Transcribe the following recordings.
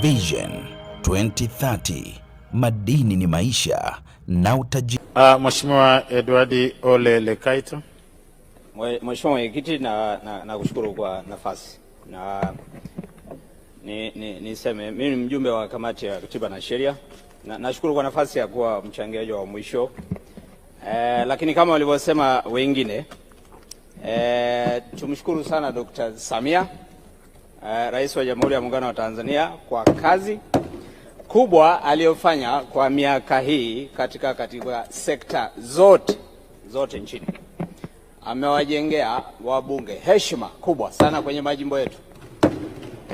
Vision 2030 madini ni maisha na utajiri. Uh, Mheshimiwa Edward Ole lekaito Mheshimiwa Mwenyekiti, nakushukuru na, na kwa nafasi na niseme ni, ni mimi ni mjumbe wa kamati ya katiba na sheria na nashukuru kwa nafasi ya kuwa mchangiaji wa mwisho eh, lakini kama walivyosema wengine eh, tumshukuru sana Dr. Samia eh, Rais wa Jamhuri ya Muungano wa Tanzania kwa kazi kubwa aliyofanya kwa miaka hii katika katika sekta zote zote nchini. Amewajengea wabunge heshima kubwa sana kwenye majimbo yetu.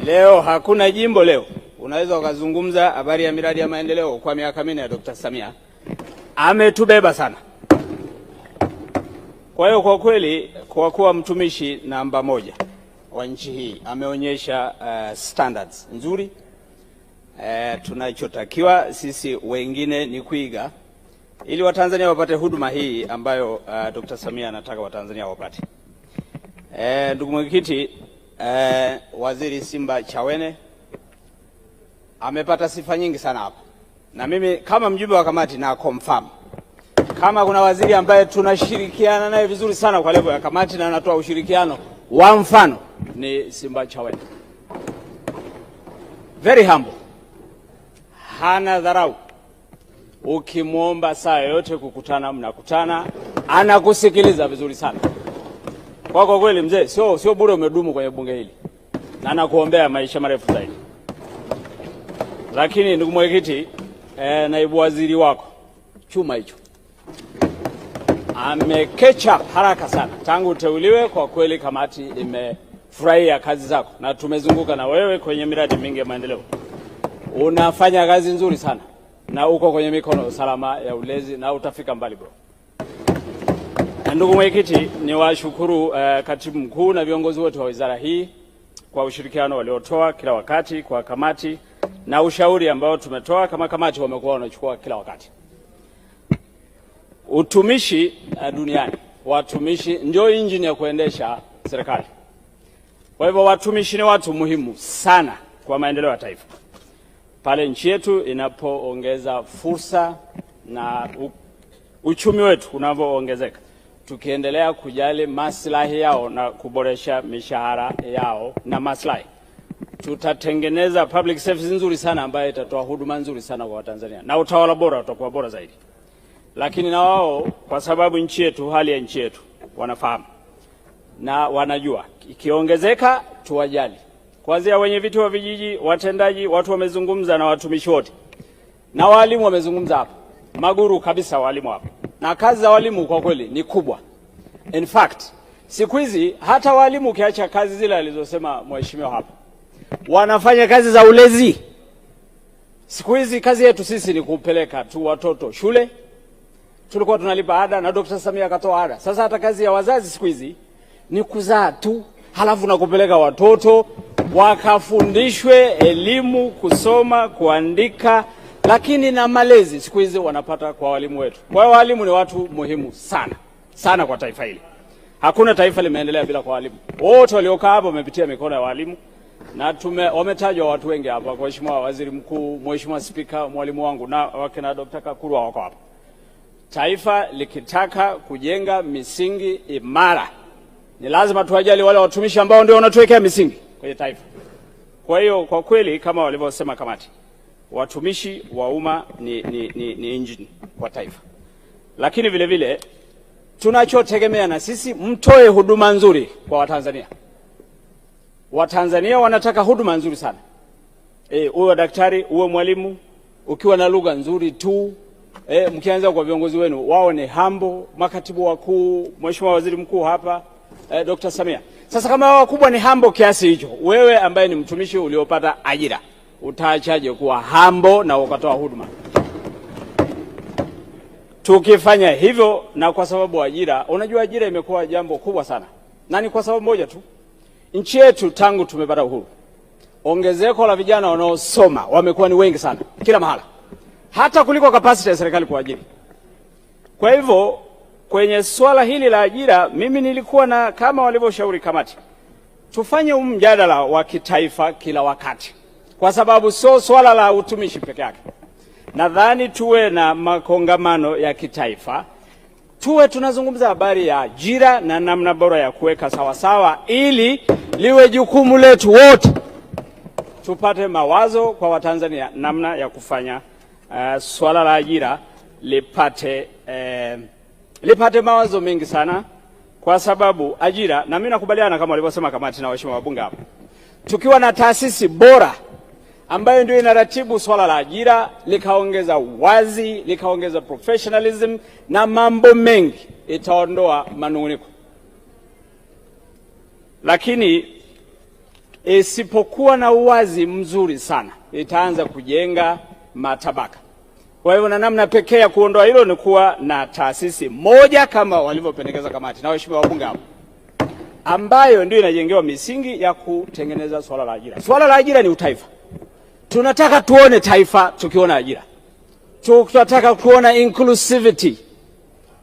Leo hakuna jimbo leo unaweza ukazungumza habari ya miradi ya maendeleo kwa miaka minne ya Dr. Samia. Ametubeba sana. Kwa hiyo kwa kweli, kwa kuwa mtumishi namba moja wa nchi hii ameonyesha uh, standards nzuri. Uh, tunachotakiwa sisi wengine ni kuiga ili Watanzania wapate huduma hii ambayo uh, eh, Dr. Samia anataka Watanzania wapate. Uh, ndugu mwenyekiti, uh, Waziri Simba Chawene amepata sifa nyingi sana hapa, na mimi kama mjumbe wa kamati na confirm kama kuna waziri ambaye tunashirikiana naye vizuri sana kwa level ya kamati na anatoa ushirikiano wa mfano ni Simba Chaweni. Very humble, hana dharau. Ukimwomba saa yoyote kukutana, mnakutana, anakusikiliza vizuri sana. Kwa kwa kweli mzee, sio sio bure umedumu kwenye bunge hili, na nakuombea maisha marefu zaidi. Lakini ndugu mwenyekiti, eh, naibu waziri wako chuma hicho amekecha haraka sana tangu uteuliwe. Kwa kweli kamati ime furahia kazi zako, na tumezunguka na wewe kwenye miradi mingi ya maendeleo. Unafanya kazi nzuri sana na uko kwenye mikono ya usalama ya ulezi na utafika mbali bro. Na ndugu mwenyekiti, ni washukuru uh, eh, katibu mkuu na viongozi wote wa wizara hii kwa ushirikiano waliotoa kila wakati kwa kamati na ushauri ambao tumetoa kama kamati, wamekuwa wanachukua kila wakati. Utumishi uh, duniani, watumishi ndio injini ya kuendesha serikali. Kwa hivyo watumishi ni watu muhimu sana kwa maendeleo ya taifa pale nchi yetu inapoongeza fursa na uchumi wetu unavyoongezeka, tukiendelea kujali maslahi yao na kuboresha mishahara yao na maslahi, tutatengeneza public service nzuri sana ambayo itatoa huduma nzuri sana kwa Watanzania na utawala bora utakuwa bora zaidi. Lakini na wao kwa sababu nchi yetu, hali ya nchi yetu wanafahamu na wanajua, ikiongezeka tuwajali, kuanzia wenye viti wa vijiji, watendaji, watu wamezungumza na watumishi wote na walimu wamezungumza hapa, maguru kabisa walimu hapa, na kazi za walimu kwa kweli ni kubwa. In fact siku hizi hata walimu ukiacha kazi zile alizosema mheshimiwa hapa, wanafanya kazi za ulezi. Siku hizi kazi yetu sisi ni kupeleka tu watoto shule. Tulikuwa tunalipa ada na Dr. Samia akatoa ada. Sasa hata kazi ya wazazi siku hizi ni kuzaa tu, halafu na kupeleka watoto wakafundishwe elimu, kusoma, kuandika, lakini na malezi siku hizi wanapata kwa walimu wetu. Kwa hiyo walimu ni watu muhimu sana sana kwa taifa hili. Hakuna taifa limeendelea bila kwa walimu. Wote waliokaa hapa wamepitia mikono ya walimu na tume wametajwa watu wengi hapa, kwa Mheshimiwa Waziri Mkuu, Mheshimiwa Spika, mwalimu wangu na wakina Dr. Kakuru wako hapa. Taifa likitaka kujenga misingi imara ni lazima tuwajali wale watumishi ambao ndio wanatuwekea misingi kwenye taifa. Kwa hiyo kwa kweli kama walivyosema kamati, watumishi wa umma ni, ni, ni, ni injini kwa taifa, lakini vile vile tunachotegemea na sisi mtoe huduma nzuri kwa Watanzania. Watanzania wanataka huduma nzuri sana e, uwe daktari uwe mwalimu, ukiwa na lugha nzuri tu e, mkianza kwa viongozi wenu, wao ni hambo, makatibu wakuu, mheshimiwa waziri mkuu hapa eh, Dr. Samia. Sasa kama wao wakubwa ni hambo kiasi hicho, wewe ambaye ni mtumishi uliopata ajira utaachaje kuwa hambo na ukatoa huduma? Tukifanya hivyo na kwa sababu ajira, unajua ajira imekuwa jambo kubwa sana, na ni kwa sababu moja tu, nchi yetu tangu tumepata uhuru, ongezeko la vijana wanaosoma wamekuwa ni wengi sana kila mahala, hata kuliko kapasiti ya serikali kuajiri. Kwa hivyo kwenye swala hili la ajira, mimi nilikuwa na kama walivyoshauri kamati, tufanye mjadala wa kitaifa kila wakati, kwa sababu sio swala la utumishi peke yake. Nadhani tuwe na makongamano ya kitaifa, tuwe tunazungumza habari ya ajira na namna bora ya kuweka sawasawa, ili liwe jukumu letu wote, tupate mawazo kwa Watanzania namna ya kufanya uh, swala la ajira lipate uh, lipate mawazo mengi sana, kwa sababu ajira, na mimi nakubaliana kama walivyosema kamati na waheshimiwa wabunge hapa, tukiwa na taasisi bora ambayo ndio inaratibu swala la ajira likaongeza wazi likaongeza professionalism na mambo mengi, itaondoa manunguniko, lakini isipokuwa na uwazi mzuri sana, itaanza kujenga matabaka. Kwa hivyo na namna pekee ya kuondoa hilo ni kuwa na taasisi moja kama walivyopendekeza kamati na waheshimiwa wabunge hapo, ambayo ndio inajengewa misingi ya kutengeneza swala la ajira. Swala la ajira ni utaifa. Tunataka tuone taifa tukiona ajira, tunataka kuona inclusivity,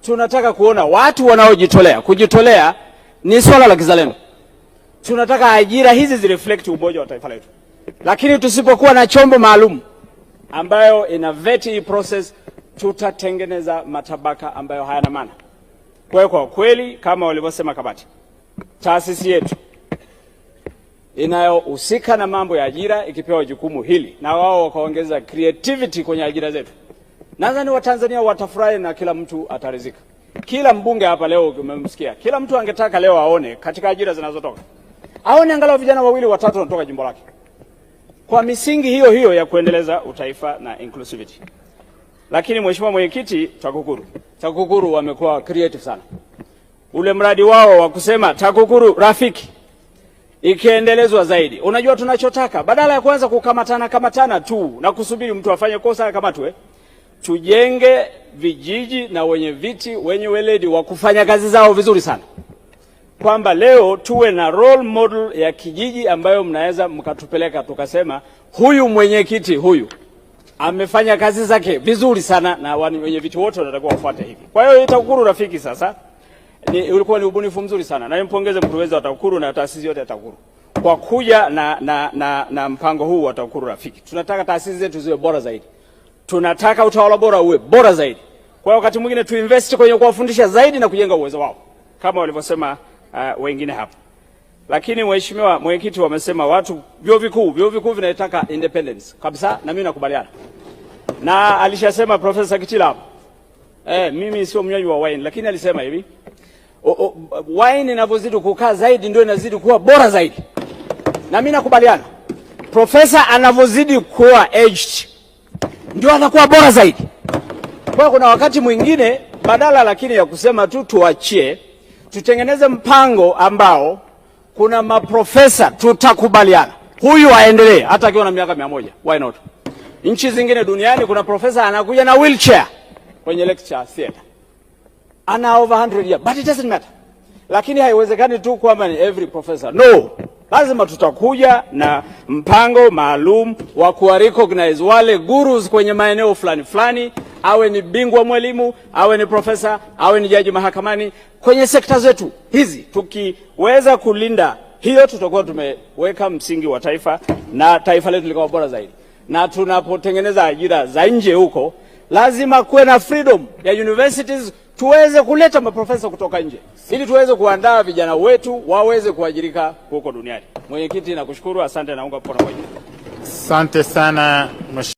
tunataka kuona watu wanaojitolea. Kujitolea ni swala la kizalendo. Tunataka ajira hizi zireflect umoja wa taifa letu, lakini tusipokuwa na chombo maalum ambayo ina veti hii process, tutatengeneza matabaka ambayo hayana maana. Kwa hiyo kwa kweli, kama walivyosema kamati, taasisi yetu inayohusika na mambo ya ajira ikipewa jukumu hili na wao wakaongeza creativity kwenye ajira zetu, nadhani Watanzania watafurahi na kila mtu ataridhika. Kila mbunge hapa leo umemsikia, kila mtu angetaka leo aone katika ajira zinazotoka aone angalau vijana wawili watatu wanatoka jimbo lake kwa misingi hiyo hiyo ya kuendeleza utaifa na inclusivity. Lakini mheshimiwa mwenyekiti, TAKUKURU TAKUKURU wamekuwa creative sana. Ule mradi wao wa kusema TAKUKURU rafiki ikiendelezwa zaidi, unajua tunachotaka, badala ya kuanza kukamatana kamatana tu na kusubiri mtu afanye kosa akamatwe, tujenge vijiji na wenye viti wenye weledi wa kufanya kazi zao vizuri sana kwamba leo tuwe na role model ya kijiji ambayo mnaweza mkatupeleka tukasema, huyu mwenyekiti huyu amefanya kazi zake vizuri sana, na wenye wenyeviti wote wanatakiwa wafuate hivi. Kwa hiyo TAKUKURU rafiki sasa ni, ulikuwa ni ubunifu mzuri sana, na nimpongeze mkurugenzi wa TAKUKURU na taasisi yote ya TAKUKURU kwa kuja na, na, na, na mpango huu wa TAKUKURU rafiki. Tunataka taasisi zetu ziwe bora zaidi, tunataka utawala bora uwe bora zaidi. Kwa hiyo wakati mwingine tuinvest kwenye kuwafundisha zaidi na kujenga uwezo wao kama walivyosema uh, wengine hapa. Lakini mheshimiwa mwenyekiti, wamesema watu vyuo vikuu vyuo vikuu vinataka independence kabisa, na mimi nakubaliana na alishasema Profesa Kitila. Eh, mimi sio mnywaji wa wine, lakini alisema hivi o, o, wine inavyozidi kukaa zaidi ndio inazidi kuwa bora zaidi, na mimi nakubaliana. Profesa anavyozidi kuwa aged ndio anakuwa bora zaidi. Kwa kuna wakati mwingine badala lakini ya kusema tu tuachie tutengeneze mpango ambao kuna maprofesa tutakubaliana, huyu aendelee hata akiwa na miaka mia moja. Why not? Nchi zingine duniani kuna profesa anakuja na wheelchair kwenye lecture theater, ana over 100 years but it doesn't matter. Lakini haiwezekani tu kwamba ni every professor. No, lazima tutakuja na mpango maalum wa kuwarecognize wale gurus kwenye maeneo fulani fulani awe ni bingwa mwalimu, awe ni profesa, awe ni jaji mahakamani. Kwenye sekta zetu hizi tukiweza kulinda hiyo, tutakuwa tumeweka msingi wa taifa na taifa letu likawa bora zaidi. Na tunapotengeneza ajira za nje huko, lazima kuwe na freedom ya universities tuweze kuleta maprofesa kutoka nje ili tuweze kuandaa vijana wetu waweze kuajirika huko duniani. Mwenyekiti, nakushukuru, asante, naunga mkono. Asante sana.